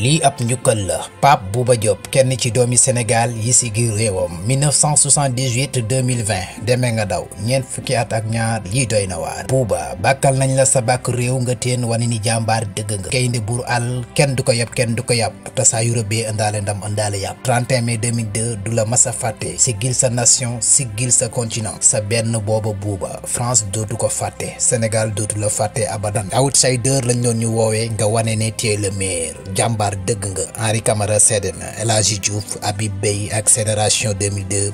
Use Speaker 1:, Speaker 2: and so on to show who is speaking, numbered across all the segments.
Speaker 1: lii ab njukkal la Pape Bouba Diop kenn ci doomi Sénégal yi si sigi réewam 1978 2020 demee nga daw ñeent fukki at ak ñaar lii doy na waar Bouba bàkkal nañ la sa bàkk réew nga teen wane ni jàmbaar dëgg nga gaynde buur àll kenn du ko yab kenn du ko yàpp te saa yu rëbbee indaale ndam indaale yàpp 31 mai 2002 du la masa fàtte fàtte siggil sa nation si siggil sa continent sa benn booba buuba France du ko fàtte Sénégal dootu la fàtte abadan outsider lañ doon ñu woowee nga wane ne tee le jàmbaar waar dëgg nga Henri Camara seede na El Hadji Diouf Habib Beye ak génération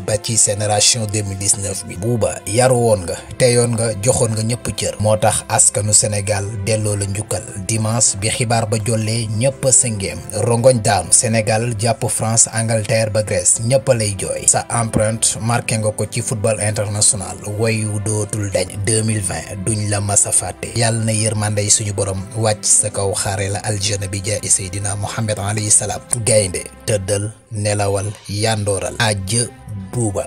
Speaker 1: ba ci génération 2019 bi buuba yaru woon nga teyoon nga joxoon nga ñëpp cër moo tax askanu Sénégal delloo la njukkal dimanche bi xibaar ba jollee ñëpp sëngeem rongoñ daanu Sénégal jàpp France Angleterre ba Grèce ñëpp lay jooy sa empreinte marqué nga ko ci football international woyu dootul dañ 2020 duñ la masa fàtte yàlla na yërmande suñu borom wàcc sa kaw xaare la aljana bi jaay Seydina Muhammad alayhi salaam gaynde tëddal nelawal yàndooral ajj buuba